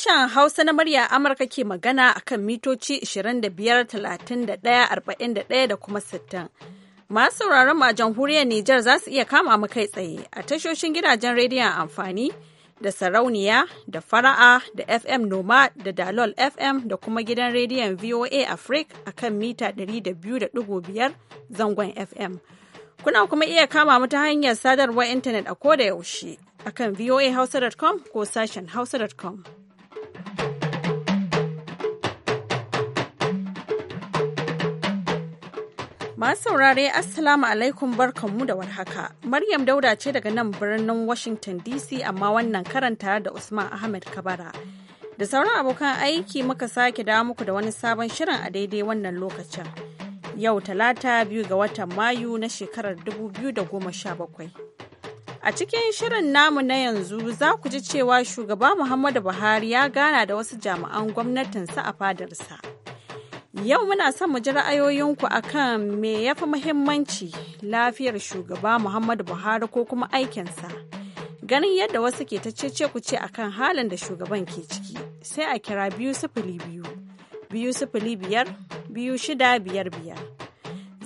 Sashen Hausa na murya Amurka ke magana a kan mitoci 25,31,41 da kuma 60. Masu sauraron ma jamhuriyar Nijar za su iya kama mu kai tsaye a tashoshin gidajen rediyon amfani da sarauniya da fara'a da FM Noma da Dalol FM da kuma gidan rediyon VOA Africa a kan mita 200.5 zangon FM. Kuna kuma iya kama mu ta hanyar sadarwar intanet a koda yaushe akan voahausa.com ko sashen hausa.com. Masu saurare Assalamu alaikum barkanmu da warhaka. Maryam Dauda ce daga nan birnin Washington DC amma wannan karanta da Usman Ahmed Kabara. Da sauran abokan aiki muka sake dawo muku da wani sabon shirin a daidai wannan lokacin. Yau talata biyu ga watan Mayu na shekarar 2017. A cikin shirin namu na yanzu za ku ji cewa shugaba Muhammadu Buhari ya gana da wasu jami'an gwamnatinsa a fadarsa. Yau muna son mu ji ra'ayoyinku akan me ya fi muhimmanci lafiyar shugaba Muhammadu Buhari ko kuma aikinsa. Ganin yadda wasu ke ta cece ku ce akan halin da shugaban ke ciki sai a kira biyu sifili biyu, biyu sifili biyar, biyu shida biyar biyar.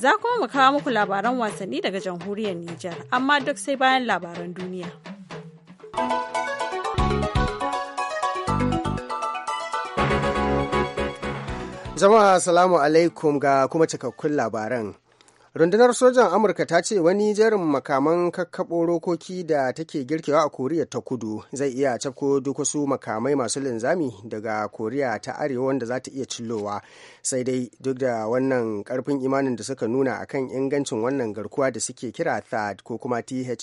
Za kuma mu kawo muku labaran wasanni daga jamhuriyar Nijar, amma duk sai bayan labaran duniya. Jama'a salamu alaikum ga kuma cikakkun labaran. rundunar sojan amurka ta ce wani jerin makaman kakkaɓo rokoki da take girkewa a koriya ta kudu zai iya cafko duk wasu makamai masu linzami daga koriya ta arewa wanda za ta iya cillowa sai dai duk da wannan karfin imanin da suka nuna a kan ingancin wannan garkuwa da suke kira thad ko kuma thaad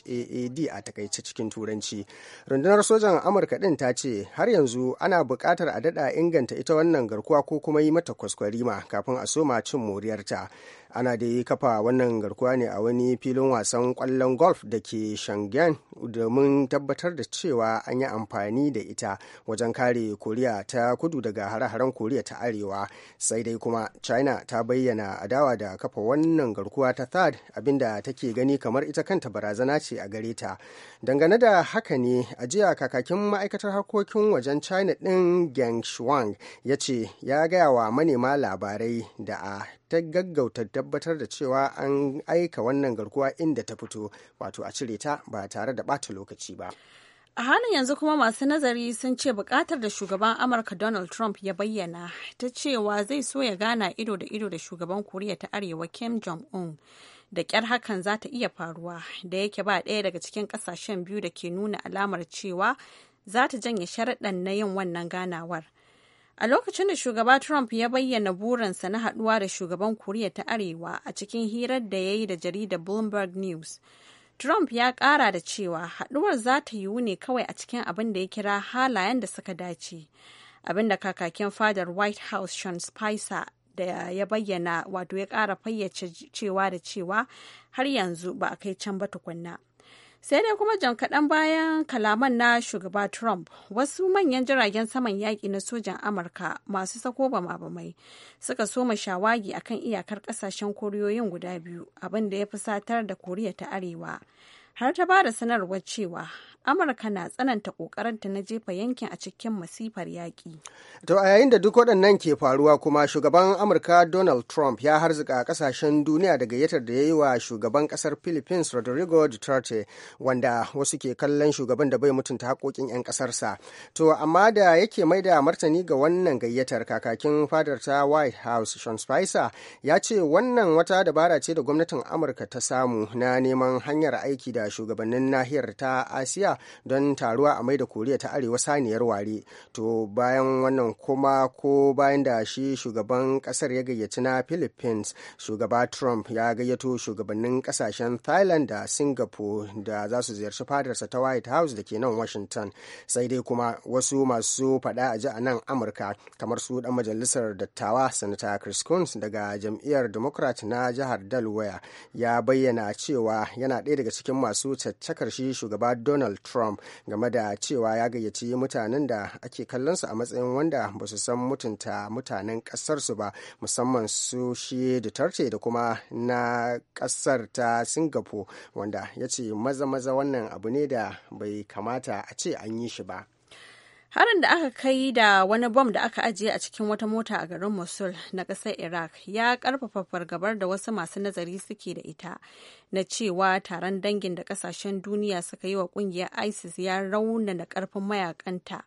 a takaice cikin turanci rundunar sojan amurka din ta ce har yanzu ana buƙatar a daɗa inganta ita wannan garkuwa ko kuma yi mata kwaskwarima kafin a soma cin moriyarta ana da kafa wannan garkuwa ne a wani filin wasan kwallon golf da ke shangen domin tabbatar da cewa an yi amfani da ita wajen kare koriya ta kudu daga hare-haren koriya ta arewa sai dai kuma china ta bayyana adawa da kafa wannan garkuwa ta third abinda take gani kamar ita kanta barazana ce a gare ta dangane da haka ne a jiya kakakin ma'aikatar harkokin wajen china din geng shuang ya ce ya gaya wa manema labarai da a ta gaggauta tabbatar da cewa an aika wannan garkuwa inda ta fito wato a cire ta ba tare da bata lokaci ba. A halin yanzu kuma masu nazari sun ce bukatar da shugaban Amurka Donald Trump ya bayyana ta cewa zai so ya gana ido da ido da shugaban Koriya ta Arewa Kim Jong-un. Da kyar hakan za ta iya faruwa da yake ba ɗaya daga cikin ƙasashen biyu da ke nuna alamar cewa za ta janye sharaɗan na yin wannan ganawar. A lokacin da shugaba Trump ya bayyana burinsa na haɗuwa da shugaban Koriya ta Arewa a cikin hirar da ya yi da jarida Bloomberg News, Trump ya ƙara da cewa haɗuwar za ta yiwu ne kawai a cikin abin da ya kira halayen da suka dace. Abin da kakakin fadar White House Sean Spicer da ya bayyana wato ya ƙara fayyace cewa da cewa har yanzu ba a kai can ba tukunna. sai dai kuma jan kaɗan bayan kalaman na shugaba trump wasu manyan jiragen saman yaƙi na sojan amurka masu sako ma bamai suka soma shawagi akan iyakar ƙasashen koriyoyin guda biyu abin da ya fi satar da koriya ta arewa har ta ba da sanarwar cewa amurka na tsananta kokarinta na jefa yankin a cikin masifar yaƙi. to a yayin da duk waɗannan ke faruwa kuma shugaban amurka donald trump ya harzika ƙasashen duniya da gayyatar da ya yi wa shugaban ƙasar philippines rodrigo duterte wanda wasu ke kallon shugaban da bai mutunta haƙoƙin 'yan ƙasarsa to amma da yake mai da martani ga wannan gayyatar kakakin fadar ta white house sean spicer ya ce wannan wata dabara ce da gwamnatin amurka ta samu na neman hanyar aiki da da shugabannin nahiyar ta asiya don taruwa a mai da koriya ta arewa saniyar ware to bayan wannan kuma ko bayan da shi shugaban kasar ya gayyaci na philippines shugaba trump ya gayyato shugabannin kasashen thailand da singapore da za su ziyarci fadarsa ta white house da ke nan washington sai dai kuma wasu masu faɗa a ji a nan amurka kamar su dan majalisar dattawa sanata chris coons daga jam'iyyar democrat na jihar delaware ya bayyana cewa yana ɗaya daga cikin masu masu caccakar shi shugaba donald trump game da cewa ya gayyaci mutanen da ake kallonsu a matsayin wanda ba su san mutunta mutanen ƙasarsu ba musamman su shi duterte da kuma na ƙasar ta singapore wanda ya ce maza-maza wannan abu ne da bai kamata a ce an yi shi ba Harin da aka kai da wani bom da aka ajiye a cikin wata mota a garin Mosul na ƙasar Iraq ya ƙarfafa fargabar da wasu masu nazari suke da ita na cewa taron dangin da ƙasashen duniya suka yi wa ƙungiyar ISIS ya raunana ƙarfin mayakanta,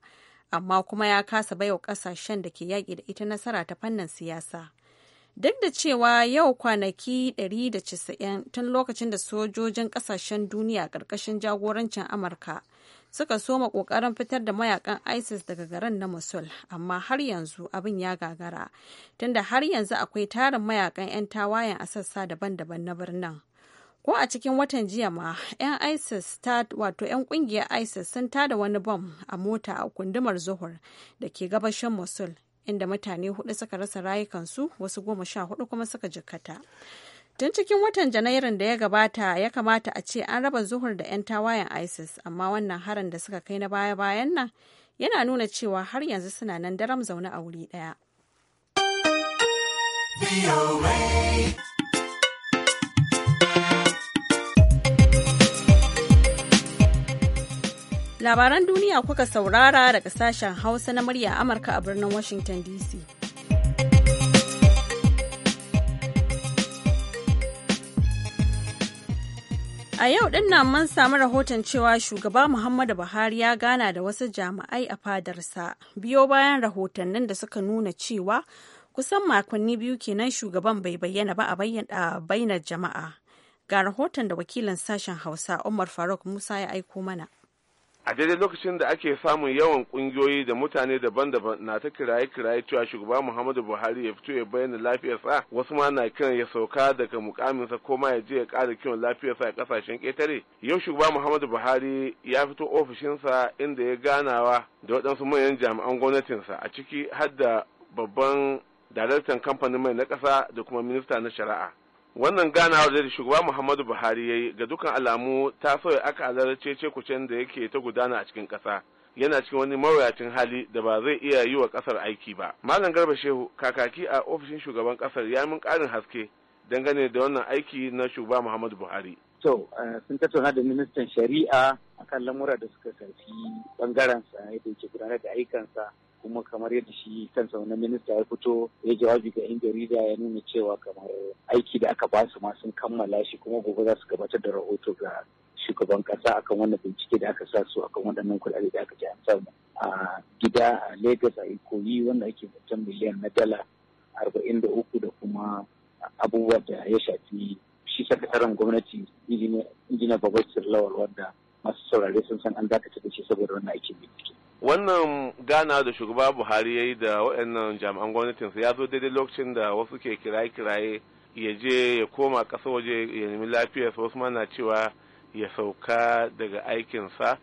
amma kuma ya kasa baiwa ƙasashen da ke yaƙi da ita nasara ta fannin siyasa. Duk da cewa yau kwanaki 190 tun lokacin da sojojin ƙasashen duniya ƙarƙashin jagorancin Amurka suka soma kokarin fitar da mayakan isis daga garin na mosul amma har yanzu abin ya gagara tunda har yanzu akwai tarin mayakan 'yan tawayen a sassa daban-daban na birnin ko a cikin watan jiya ma 'yan isis ta wato 'yan kungiyar isis sun tada wani bom a mota a kundumar zuhur da ke gabashin mosul inda mutane hudu suka rasa rayukansu wasu goma sha hudu kuma suka jikkata Tun cikin watan Janairun da ya gabata ya kamata a ce an raba zuhur da 'yan tawayen ISIS, amma wannan harin da suka kai na baya-bayan nan yana nuna cewa har yanzu suna nan daram zaune a wuri ɗaya. Labaran duniya kuka saurara daga sashen Hausa na murya Amurka a birnin Washington DC. A yau din nan mun samu rahoton cewa shugaba Muhammadu Buhari ya gana da wasu jami'ai a fadarsa biyo bayan rahotannin da suka nuna cewa kusan makonni biyu kenan shugaban bai bayyana ba a bainar jama'a. Ga rahoton da wakilin sashen Hausa Umar Faruk Musa ya aiko mana. a daidai lokacin da ake samun yawan kungiyoyi da mutane daban-daban na ta kiraye-kiraye cewa shugaba muhammadu buhari ya fito ya bayyana lafiyarsa wasu ma na kiran ya sauka daga mukaminsa ko ma ya je ya kara kiwon lafiyarsa a kasashen ƙetare yau shugaba muhammadu buhari ya fito ofishinsa inda ya ganawa da waɗansu manyan jami'an gwamnatinsa a ciki har da babban daraktan kamfanin mai na ƙasa da kuma minista na shari'a wannan ganawar da shugaba muhammadu buhari ya yi ga dukkan alamu ta sauya aka cece kucen da yake ta gudana a cikin ƙasa yana cikin wani mawuyacin hali da ba zai iya yi wa ƙasar aiki ba malam garba shehu kakaki a ofishin shugaban ƙasar ya min ƙarin haske dangane da wannan aiki na shugaba muhammadu buhari to eh, sun tattauna da ministan shari'a akan lamura da suka sarfi bangaren sa yadda yake gudanar da ayyukansa kuma kamar yadda shi kansa wani minista ya fito ya jawabi ga yan jarida ya nuna cewa kamar aiki da aka basu ma sun kammala shi kuma gobe za su gabatar da rahoto ga shugaban kasa akan wannan bincike da aka sa su akan waɗannan kuɗaɗe da aka ji an samu a gida a Legas a Ikoyi wanda ake mutum miliyan na dala arba'in da uku da kuma abubuwa da ya shafi shi sakataren gwamnati injina babbar lawal wanda masu saurare sun san an dakata da shi saboda wannan aikin bincike. wannan gana da shugaba buhari ya yi da waɗannan jami'an gwamnatinsa ya zo daidai lokacin da wasu ke kiraye-kiraye ya je ya koma ƙasa waje ya nemi lafiyarsa wasu mana cewa ya sauka daga aikinsa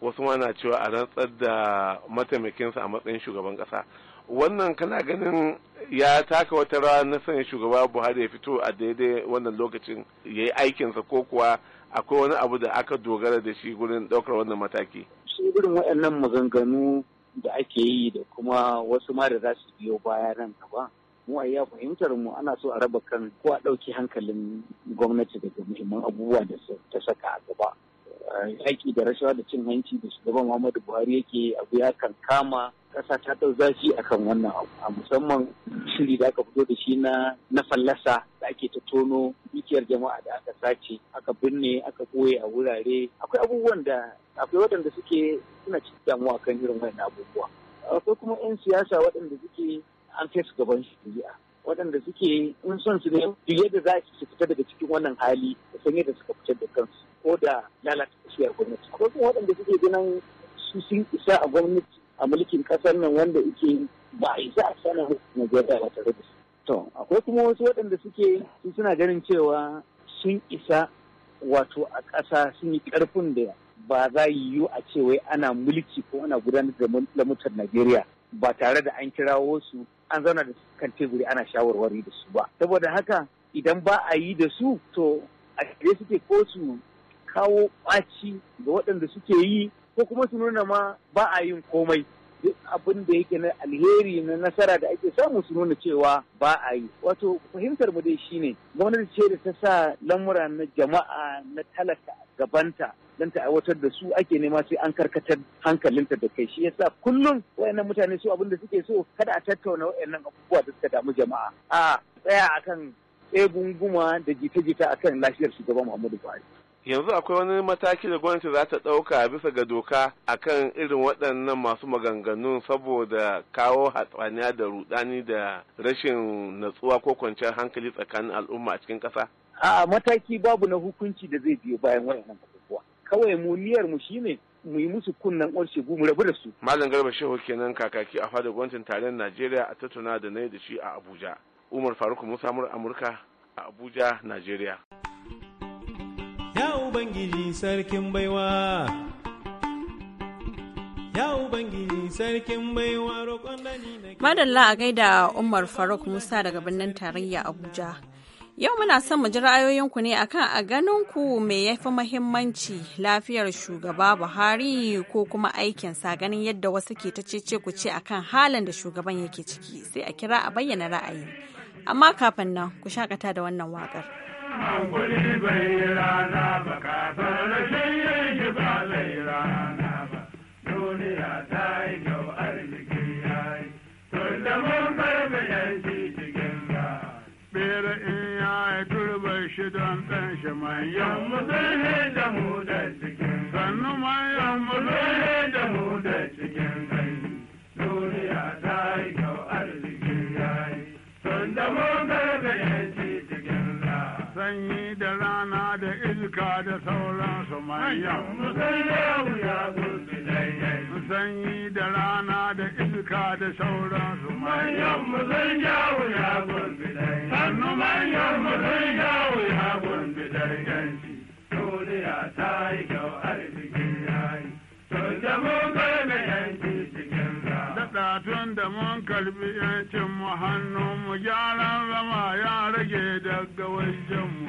wasu mana cewa a rantsar da mataimakinsa a matsayin shugaban ƙasa wannan kana ganin ya taka wata rawa na sanya shugaba buhari ya fito a daidai wannan lokacin ya yi aikinsa ko kuwa akwai wani abu da aka dogara da shi gurin ɗaukar wannan mataki su irin waɗannan maganganu da ake yi da kuma wasu ma da za su biyo baya nan gaba mu a ya fahimtar mu ana so a raba kan ko a ɗauki hankalin gwamnati daga muhimman abubuwa da ta saka a gaba yaƙi da rashawa da cin hanci da shugaban Muhammadu Buhari yake abu ya kan kama ƙasa ta ɗau zafi kan wannan abu a musamman shiri da aka fito da shi na na fallasa da ake ta tono dukiyar jama'a da aka sace aka binne aka ɓoye a wurare akwai abubuwan da akwai waɗanda suke suna cikin damuwa kan irin wannan abubuwa akwai kuma 'yan siyasa waɗanda suke an kai su gaban shari'a waɗanda suke in son su ne yadda za su fita daga cikin wannan hali da san da suka fitar da kansu ko da lalata tafiyar gwamnati ko kuma waɗanda suke ganin su sun isa a gwamnati a mulkin ƙasar nan wanda yake ba a isa a sanar Najeriya ba tare da su. To akwai kuma wasu waɗanda suke su suna ganin cewa sun isa wato a ƙasa sun yi ƙarfin da ba za yiwu a ce wai ana mulki ko ana gudanar da lamutar Najeriya ba tare da an kirawo su an zauna da kan teburi ana shawarwari da su ba. Saboda haka idan ba a yi da su to a suke ko su kawo ƙwaci ga waɗanda suke yi ko kuma su nuna ma ba a yin komai duk abin da yake na alheri na nasara da ake samu su nuna cewa ba a yi wato fahimtar mu dai shine gwamnati ce da ta sa lamura na jama'a na talaka gabanta don ta aiwatar da su ake nema sai an karkatar hankalinta da kai shi yasa kullum wayannan mutane su abin da suke so kada a tattauna wayannan abubuwa da suka damu jama'a a tsaya akan tsegunguma da jita-jita akan lafiyar shugaban Muhammadu Buhari yanzu akwai wani mataki da gwamnati za ta ɗauka bisa ga doka a kan irin waɗannan masu maganganun saboda kawo hatsaniya da rudani da rashin natsuwa ko kwanciyar hankali tsakanin al'umma a cikin ƙasa? a mataki babu na hukunci da zai biyo bayan waɗannan abubuwa. Kawai mu niyyar mu shine mu yi musu kunnen gu mu rabu da su. Malam Garba Shehu kenan kakaki a fadar gwamnatin tarayyar Najeriya a tattauna da na da shi a Abuja. Umar Faruk Musa Amurka a Abuja, Najeriya. Ya Ubangiji sarkin baiwa. Ya Ubangiji sarkin baiwa roƙon da ni Madalla a gaida Umar Faruk Musa daga birnin tarayya Abuja. Yau muna son mu ji ra'ayoyinku ne akan a ganin ku me yafi fi mahimmanci lafiyar shugaba Buhari ko kuma aikinsa ganin yadda wasu ke ta cece ku ce akan halin da shugaban yake ciki sai a kira a bayyana ra'ayi. Amma kafin nan ku shakata da wannan waƙar. Yamma zai da da cikin sannu ma yamma zai da da Duniya Sanyi da rana da iska da sauransu manyan. Yamma zai da wuya gudu. sanyi da rana da iska da su manyan mu zan jawo ya gurbi dai sannu manyan mu zan jawo ya gurbi dai yanci duniya ta yi kyau arzikin yayi tun da mun karbi yanci cikin ra da tun da mun karbi yancin mu hannu mu gyaran zama ya rage daga wajen mu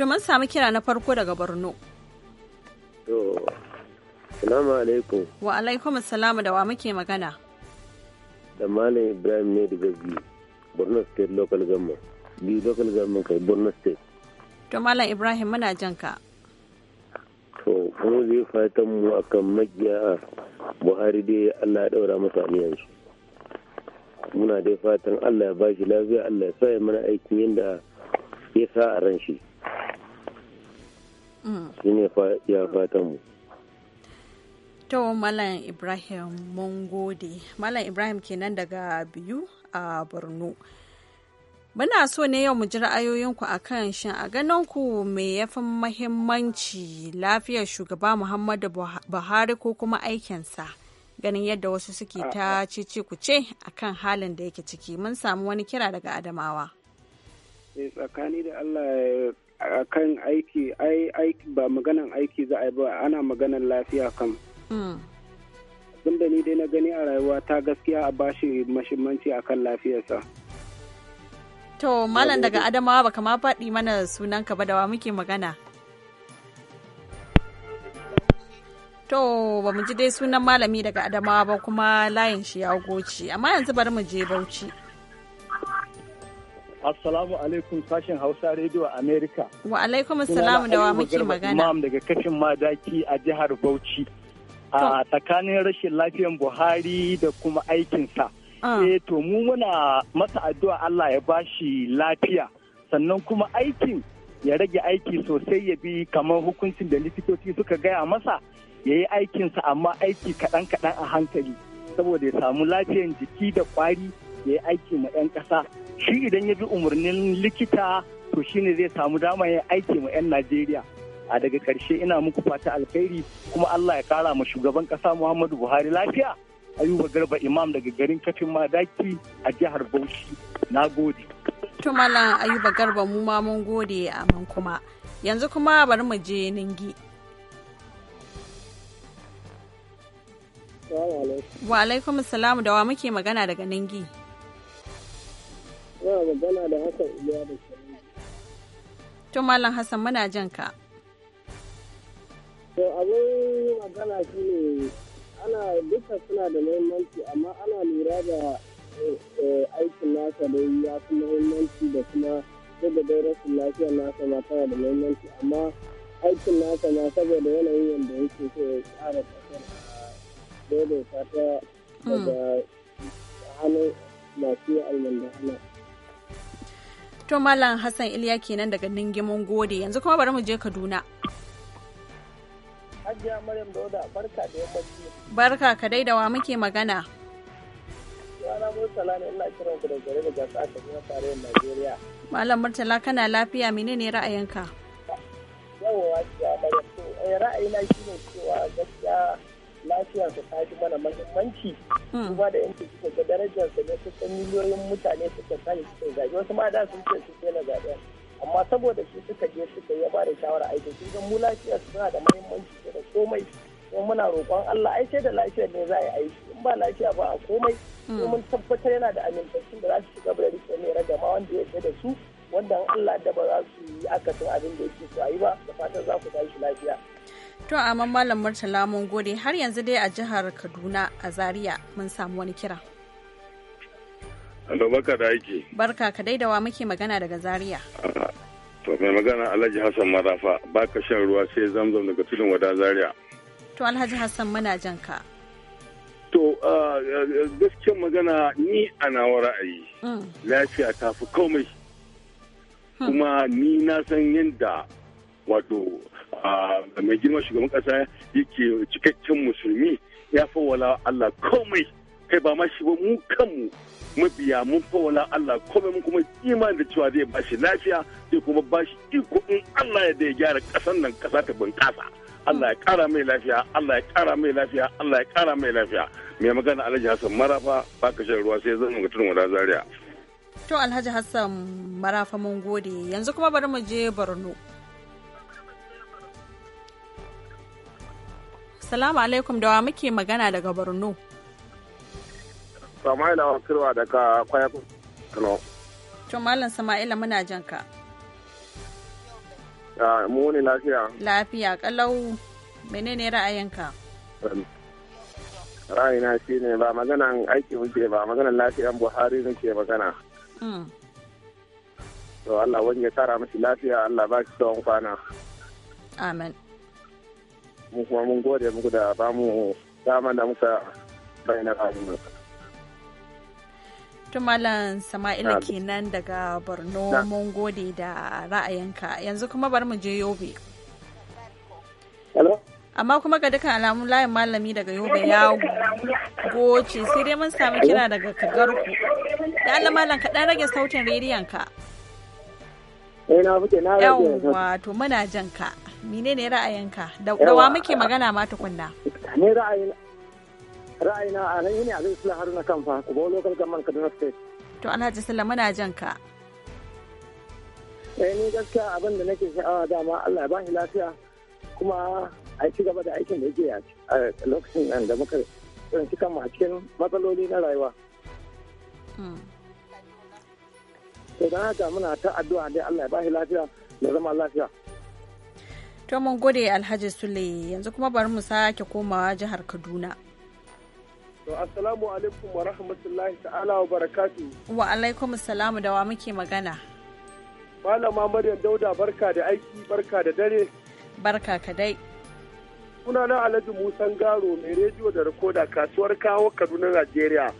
To mun samu kira na farko daga Borno. To, salamu alaikum. Wa alaikum salamu da wa muke magana. Da Malam Ibrahim ne daga biyu, Borno State Local Government. Biyu Local Government kai Borno State. To Malam Ibrahim muna jan ka. To, mun zai fatan mu akan magiya Buhari dai Allah ya daura masa aliyansu Muna dai fatan Allah ya bashi lafiya Allah ya sa ya mana aikin yadda ya sa a ran shi. shi ne ya fatan to malam ibrahim mun gode malam ibrahim kenan daga biyu a borno muna so ne yau mu ji ra'ayoyinku a kan shi a ganin ku me ya fi mahimmanci lafiyar shugaba muhammadu buhari ko kuma aikinsa ganin yadda wasu suke ah, ta ku ah. ce a kan halin da yake ciki mun samu wani kira daga adamawa eh, tsakani da allah eh, kan aiki aiki ba maganan aiki za a yi ba ana maganan lafiya kam hmm. da ni dai na gani a rayuwa ta gaskiya a bashi a akan lafiyarsa to malam daga adamawa baka ma faɗi mana sunan ka ba da wa muke magana to ba mu ji dai sunan malami daga adamawa ba kuma layin shi ya goce amma yanzu bari mu je bauchi Assalamu alaikum sashen Hausa Radio America. Wa alaikum assalamu da wa muke magana. Imam daga kashin madaki a jihar Bauchi. A tsakanin rashin lafiyan Buhari da kuma aikinsa. Ah. Eh to mu muna masa addu'a Allah ya bashi lafiya. Sannan kuma aikin ya rage aiki sosai ya bi kamar hukuncin da likitoci suka gaya masa ya yi aikinsa amma aiki kaɗan-kaɗan a hankali saboda ya samu lafiyan jiki da ƙwari ya yi aiki ma 'yan ƙasa shi idan ya bi umarnin likita to shine zai samu dama ya aiki ma 'yan najeriya a daga ƙarshe ina muku fata alkhairi kuma allah ya kara ma shugaban ƙasa muhammadu buhari lafiya ayuba garba imam daga garin kafin madaki a jihar bauchi na gode to malam ayuba garba mu ma mun gode a mun kuma yanzu kuma bari mu je ningi wa alaikum salam da wa muke magana daga ningi Ina magana da Hassan Iliya da Tun Malam Hassan muna jan ka. To abin magana shi ne ana duka suna da muhimmanci amma ana lura da eh, aikin nasa da ya fi muhimmanci da kuma yadda dai rashin lafiyar nasa ma tana da muhimmanci amma aikin nasa ma saboda yanayin yadda yake so ya tsara kasar daidaita ta mm. daga hannun masu almanda To Malam Hassan Iliya kenan daga Ningimin Gode yanzu kuma bari mu je Kaduna. Hajiya Maryam Dauda barka da ka dai da wa muke magana. Yana Murtala ne gare da gasa ta tarayyar Najeriya. Malam Murtala kana lafiya menene ra'ayinka? Yawwa Hajiya Maryam to eh, ra'ayina gaskiya su ta fi mana mahimmanci kuma hmm. da yanke suka ga darajarsa ne san miliyoyin mutane suka sani suka zaɓi wasu ma da sun ce su na zaɓen amma saboda shi suka je suka yi ba da shawara aiki sun ga mu su suna da mahimmanci da komai kuma muna roƙon Allah ai da lafiyar ne za a yi aiki in ba lafiya ba a komai hmm. mun tabbatar yana da amintattun da za su shiga da rike ne ma wanda ya da su wanda Allah da ba za su yi akasin abin da yake su a yi ba da fatan za ku tashi lafiya. To amma Malam Murtala mun gode har yanzu dai a jihar Kaduna a Zaria mun samu wani kira. Alo barka da aiki. Barka ka daidawa muke magana daga Zaria. To mai magana Alhaji Hassan Marafa baka shan ruwa sai zamzam daga tudun wada Zaria. To Alhaji Hassan muna jan ka. To gaskiyar magana ni a nawa ra'ayi. Mm. Lafiya ta fi komai. Hmm. Kuma ni na san yadda wato mai girma shugaban kasa yake cikakken musulmi ya fawala Allah komai kai ba ma shi ba mu kanmu mabiya mun fawala Allah komai mun kuma imani da cewa zai bashi lafiya zai kuma bashi iko in Allah ya da ya gyara kasan nan kasa ta bunƙasa Allah ya ƙara mai lafiya Allah ya ƙara mai lafiya Allah ya ƙara mai lafiya mai magana Alhaji Hassan Marafa ka shan ruwa sai zan mutum wada Zaria to Alhaji Hassan Marafa mun gode yanzu kuma bari mu je Borno Assalamu alaikum da wa muke magana daga Borno. Sama'ila wa kirwa daga kwaya Kano. Malam Sama'ila muna jan ka. Mu ne lafiya. Lafiya kalau menene ra'ayinka? Ra'ayina shi ne ba maganan aiki muke ba maganan lafiyan Buhari muke magana. Hmm. To Allah wani ya tara mashi lafiya Allah ba shi tsawon kwana. Amen. mu kuma mun gode muku da ba mu dama da muka bayyana tun Tumalan Sama'ila kenan daga Borno mun gode da ra'ayinka yanzu kuma bari mu je Yobe. Amma kuma ga dukkan alamun layin malami daga Yobe ya goce sai dai mun sami kira daga Kagarku. Da Allah malam ka dan rage sautin rediyon ka. Eh, Yawwa to muna jan ka. mine ne ra'ayinka da wa muke magana ma tukunna ne ra'ayin ra'ayina a nan ne Alhaji Sula Haruna kan fa ko local government Kaduna state to Alhaji Sula muna jan ka eh ni gaskiya abin da nake sha'awa dama Allah ya bani lafiya kuma a ci gaba da aikin da yake a lokacin nan da muka tsinci a cikin matsaloli na rayuwa hmm. to da haka muna ta addu'a dai Allah ya bashi lafiya da zama lafiya to mun gode alhaji sule yanzu kuma bari mu sake komawa jihar kaduna to assalamu alaikum wa rahmatullahi ta'ala wa barakatu wa alaikum assalamu da wa muke magana malama maryam dauda barka da aiki barka da dare barka ka dai sunana alhaji musan garo mai rediyo da rikoda kasuwar kawo kaduna najeriya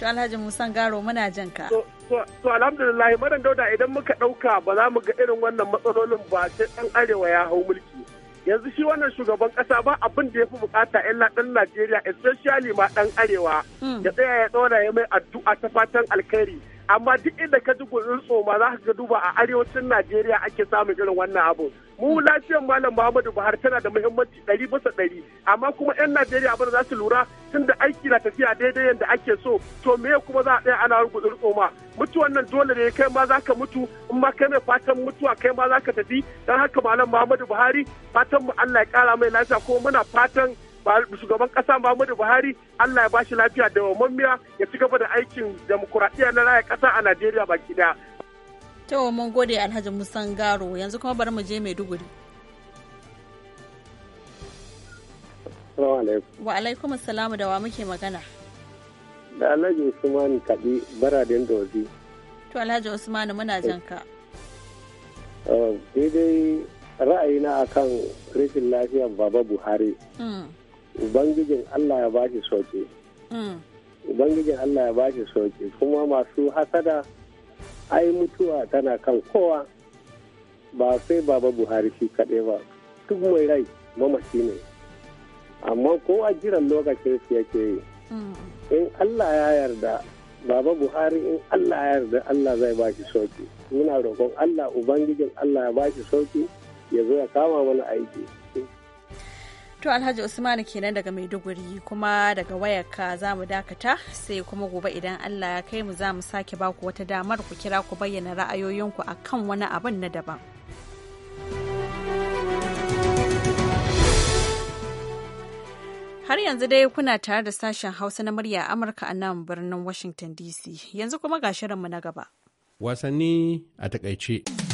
To Alhaji Musan Garo muna jin ka. To alhamdulillah madan dauda idan muka ɗauka ba za mu ga irin wannan matsalolin ba sai dan arewa ya hau mulki. Yanzu shi wannan shugaban kasa ba abin da ya fi bukata illa dan Najeriya especially ma dan arewa. Hmm. Ya tsaya ya tsora ya mai addu'a ta fatan alkhairi. amma duk inda ka ji gudun tsoma za ka duba a arewacin najeriya ake samun irin wannan abu mu lafiyar malam muhammadu buhari tana da muhimmanci ɗari bisa ɗari amma kuma yan najeriya abin za su lura tun da aiki na tafiya daidai yadda ake so to me kuma za a tsaya ana gudun tsoma mutuwan nan dole ne kai ma za ka mutu in ma kai mai fatan mutuwa kai ma za ka tafi don haka malam muhammadu buhari fatan mu allah ya kara mai lafiya ko muna fatan shugaban kasa Muhammadu Buhari Allah ya bashi lafiya da mammiya ya ci gaba da aikin demokuraɗiyya na raya kasa a Najeriya baki daya. To mun gode Alhaji Musan Garo yanzu kuma bari mu je Maiduguri. Wa alaikum salam da wa muke magana. Da Alhaji Usman Kadi Baradin Dozi. To Alhaji Usman muna eh. jan ka. Eh, daidai ra'ayina akan rashin lafiyar Baba Buhari. Hmm. ubangijin Allah ya bashi sauki hmm. ubangijin Allah ya bashi sauki kuma masu hasada ai mutuwa tana kan kowa ba sai baba buhari shi kaɗai ba duk mai rai mamaci ne amma kowa jiran lokacin su yake yi hmm. in Allah ya yarda baba buhari in Allah ya yarda Allah zai bashi sauki muna roƙon Allah ubangijin Allah ya bashi sauki ya zo ya kama mana aiki To Alhaji Usmanu kenan daga Maiduguri kuma daga wayarka za mu dakata sai kuma gobe idan Allah ya kai mu za mu sake baku wata damar ku kira ku bayyana ra'ayoyinku a kan wani abin na daban. Har yanzu dai kuna tare da sashen Hausa na murya Amurka a nan birnin Washington DC. Yanzu kuma ga shirinmu na gaba. Wasanni a takaice.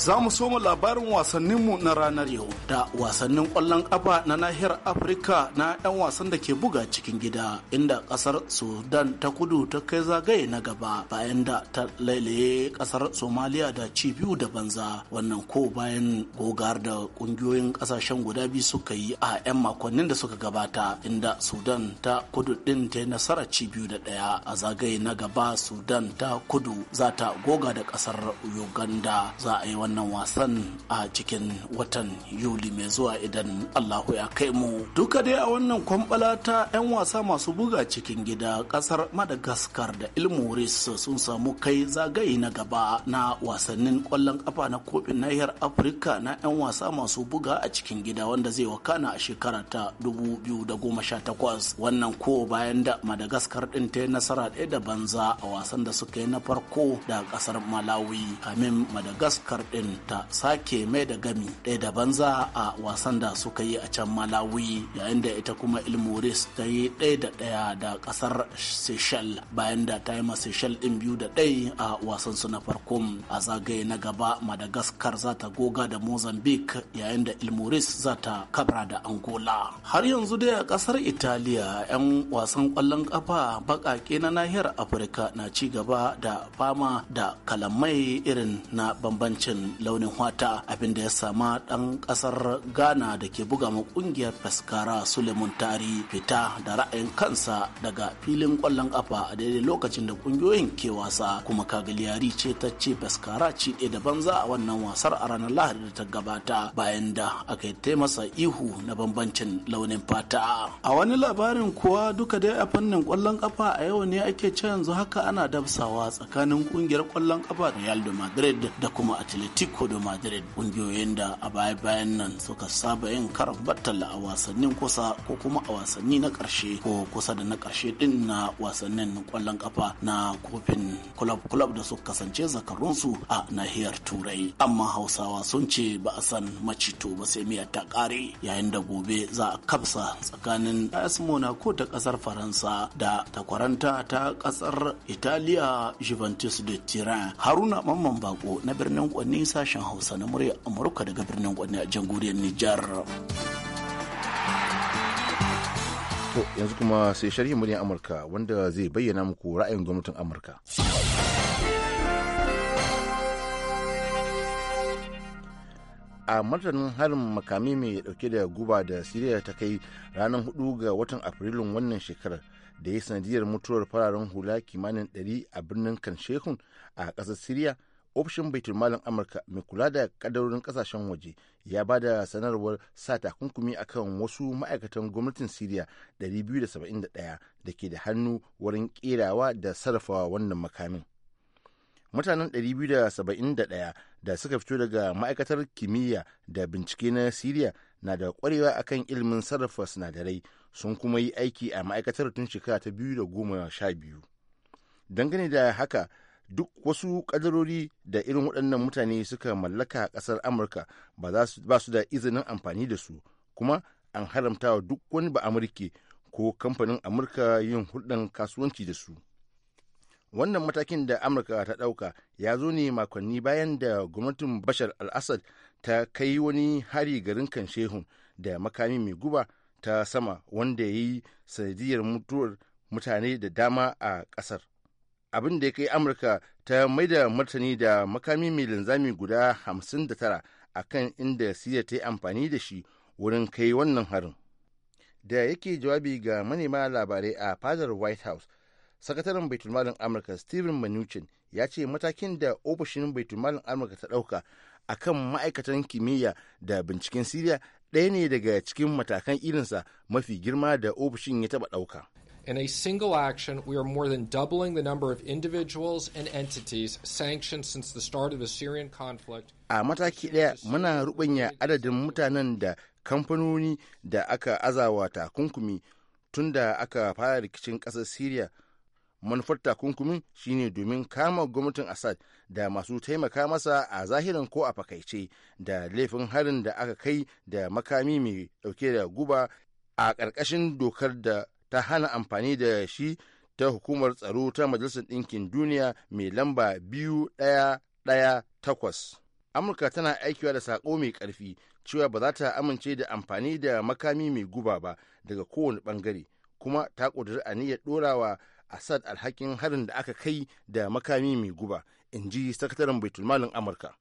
Za mu soma labarin wasanninmu na ranar yau da wasannin ƙwallon ƙafa na nahiyar Afirka na 'yan wasan da ke buga cikin gida inda ƙasar Sudan ta kudu ta kai zagaye na gaba bayan da ta lailaye ƙasar Somaliya da ci biyu da banza wannan ko bayan gogar da ƙungiyoyin ƙasashen guda biyu suka yi a 'yan makonnin da suka gabata inda Sudan ta kudu ɗin ta yi nasara ci biyu da ɗaya a zagaye na gaba Sudan ta kudu za ta goga da ƙasar Uganda za a yi wannan wasan a cikin watan Yuli mai zuwa idan Allahu ya kai mu. Duka dai a wannan kwambala ta 'yan wasa masu buga cikin gida kasar Madagascar da Ilmoris sun samu kai zagaye na gaba na wasannin kwallon kafa na kofin nahiyar Afirka na 'yan wasa masu buga a cikin gida wanda zai wakana a shekara ta 2018. Wannan ko bayan da Madagascar din ta yi nasara ɗaya da banza a wasan da suka yi na farko da kasar Malawi kamin Madagascar din ɗin ta sake mai da gami ɗaya da banza a wasan da suka yi a can malawi yayin da ita kuma ilmoris ta yi ɗaya da ɗaya da ƙasar seychelles bayan da ta yi ma seychelles ɗin biyu da ɗai a wasan su na farko a zagaye na gaba madagascar za ta goga da mozambique yayin da ilmoris za ta kabra da angola har yanzu dai a ƙasar italiya 'yan wasan ƙwallon ƙafa baƙaƙe na nahiyar afirka na ci gaba da fama da kalamai irin na bambancin launin wata, abin da ya sama ɗan ƙasar ghana da ke buga ma ƙungiyar faskara suleiman tari fita da ra'ayin kansa daga filin ƙwallon ƙafa a daidai lokacin da ƙungiyoyin ke wasa kuma kagaliyari ce ta ce faskara ci ɗaya da banza a wannan wasar a ranar lahadi da ta gabata bayan da aka yi masa ihu na bambancin launin fata a wani labarin kuwa duka dai a fannin kwallon ƙafa a yau ne ake ce yanzu haka ana dabsawa tsakanin ƙungiyar ƙwallon ƙafa real madrid da kuma atletico Atletico de Madrid ƙungiyoyin da a baya-bayan nan suka saba yin karan battala a wasannin kusa ko kuma a wasanni na ƙarshe ko kusa da na ƙarshe din na wasannin ƙwallon ƙafa na kofin club-club da suka kasance zakarunsu a nahiyar Turai. Amma Hausawa sun ce ba a san macito ba sai miya ta ƙare yayin da gobe za a kafsa tsakanin AS Monaco ta ƙasar Faransa da takwaranta ta ƙasar Italiya Juventus de Turin. Haruna Mamman Bako na birnin Kwanni sashen Hausa na murya Amurka daga birnin Gwani a jamhuriyar Nijar. To yanzu kuma sai sharhin muryar Amurka wanda zai bayyana muku ra'ayin gwamnatin Amurka. a martanin harin makami mai dauke da guba da siriya ta kai ranar 4 ga watan afrilun wannan shekarar da ya sanadiyar mutuwar fararen hula kimanin 100 a birnin kan shekun a kasar siriya ofishin baitulmalin amurka mai kula da kadarorin kasashen waje ya ba da sanarwar sa takunkumi akan wasu ma'aikatan gwamnatin siriya 271 da ke da hannu wurin kerawa da sarrafawa wannan makamin mutanen 271 da suka fito daga ma'aikatar kimiyya da bincike na siriya na da kwarewa akan ilimin sarrafa sinadarai sun kuma yi aiki a ma'aikatar tun shekara ta biyu da goma sha biyu dangane da haka duk wasu kadarori da irin waɗannan mutane suka mallaka ƙasar amurka ba su da izinin amfani da su kuma an haramta wa duk wani ba amurke ko kamfanin amurka yin hulɗan kasuwanci da su wannan matakin da amurka ta ɗauka ya zo ne makonni bayan da gwamnatin bashar al-assad ta kai wani hari garin kan shehun da makami mai guba ta sama wanda ya yi sanadiyar mutuwar mutane da dama a ƙasar abin da ya kai amurka ta mai da martani da makami mai linzami guda 59 a kan inda siriya ta yi amfani da shi wurin kai wannan harin da yake jawabi ga manema labarai a fadar white house sakataren baitulmalin amurka steven mnuchin ya ce matakin da ofishin baitulmalin amurka ta ɗauka a kan ma'aikatan kimiyya da binciken siriya ɗaya ne daga cikin matakan irinsa mafi girma da ofishin ya taɓa ɗauka In a single action, we are more than doubling the number of individuals and entities sanctioned since the start of the Syrian conflict. A mataki ɗaya muna rubanya adadin mutanen da kamfanoni da aka azawa takunkumi tun da aka fara rikicin ƙasar Siriya. Manufar takunkumin shine domin kama gwamnatin Assad da masu taimaka masa a zahirin ko a fakaice da laifin harin da aka kai da makami mai ɗauke da guba a ƙarƙashin dokar da ta hana amfani da shi ta hukumar tsaro ta majalisar ɗinkin duniya mai lamba biyu ɗaya ɗaya takwas amurka tana aikiwa da saƙo mai ƙarfi cewa ba za ta amince da amfani da makami mai guba ba daga kowane ɓangare kuma ta ƙudiri aniyar ɗorawa Assad alhakin harin da aka kai da makami mai guba, in ji sakataren baitulmalin Amurka.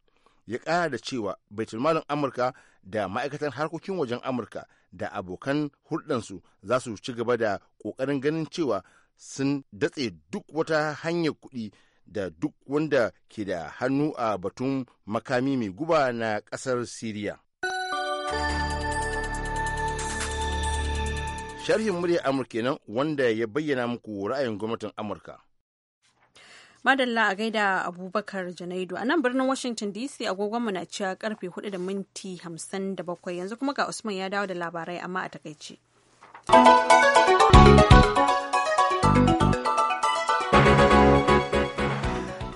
ya ƙara da cewa baitulmalin amurka da ma'aikatan harkokin wajen amurka da abokan hulɗansu za su ci gaba da ƙoƙarin ganin cewa sun datse duk wata hanyar kuɗi da duk wanda ke da hannu a batun makami mai guba na ƙasar siriya sharhin murya amurka nan wanda ya bayyana muku ra'ayin gwamnatin amurka Madalla a gaida Abubakar Janaidu a nan birnin Washington DC agogonmu na cewa karfe 4 da minti 57 yanzu kuma ga Usman ya dawo da labarai amma a takaice.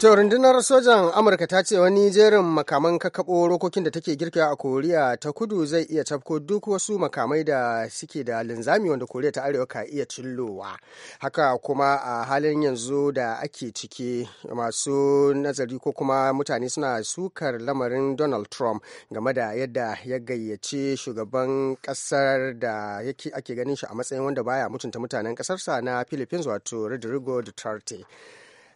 To rundunar sojan Amurka ta ce wani jerin makaman kakabo rokokin da take girka a Koriya ta kudu zai iya tafko duk wasu makamai da suke da linzami wanda Koriya ta Arewa ka iya cillowa. Haka kuma a halin yanzu da ake ciki masu nazari ko kuma mutane suna sukar lamarin Donald Trump game da yadda ya gayyace shugaban kasar da ake ganin shi a matsayin wanda baya mutunta mutanen kasarsa na Philippines wato Rodrigo Duterte.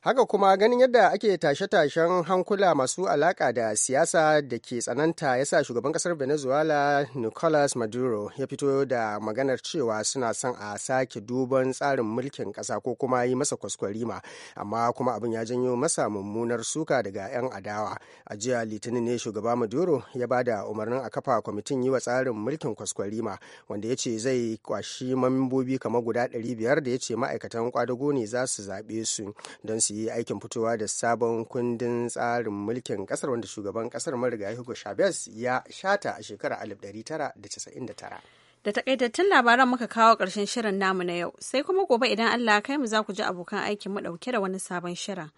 haka kuma ganin yadda ake tashe-tashen hankula masu alaka da siyasa da ke tsananta ya sa shugaban kasar venezuela nicolas maduro ya fito da maganar cewa suna son a sake duban tsarin mulkin kasa ko kuma yi masa kwaskwarima amma kuma abin ya janyo masa mummunar suka daga 'yan adawa a jiya litinin ne shugaba maduro ya ba da umarnin a kafa kwamitin yi wa tsarin mulkin kwaskwarima wanda ya ce zai kwashi mambobi kamar guda 500 da ya ce ma'aikatan kwadago ne za su zaɓe su don su yi aikin fitowa da sabon kundin tsarin mulkin kasar wanda shugaban kasar marigayi Hugo Chavez ya shata a shekarar 1999. Da takaitattun labaran muka kawo ƙarshen shirin namu na yau, sai kuma gobe idan Allah kai mu za ku ji abokan aikin mu ɗauke da wani sabon shirin.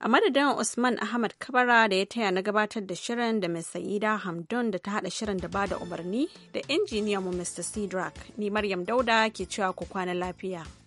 A madadin Usman Ahmad Kabara da ya taya na gabatar da shirin da mai Sa'ida Hamdun da ta hada shirin da bada umarni da injiniyan mu Mr. Sidrak, ni Maryam Dauda ke cewa ku kwana lafiya.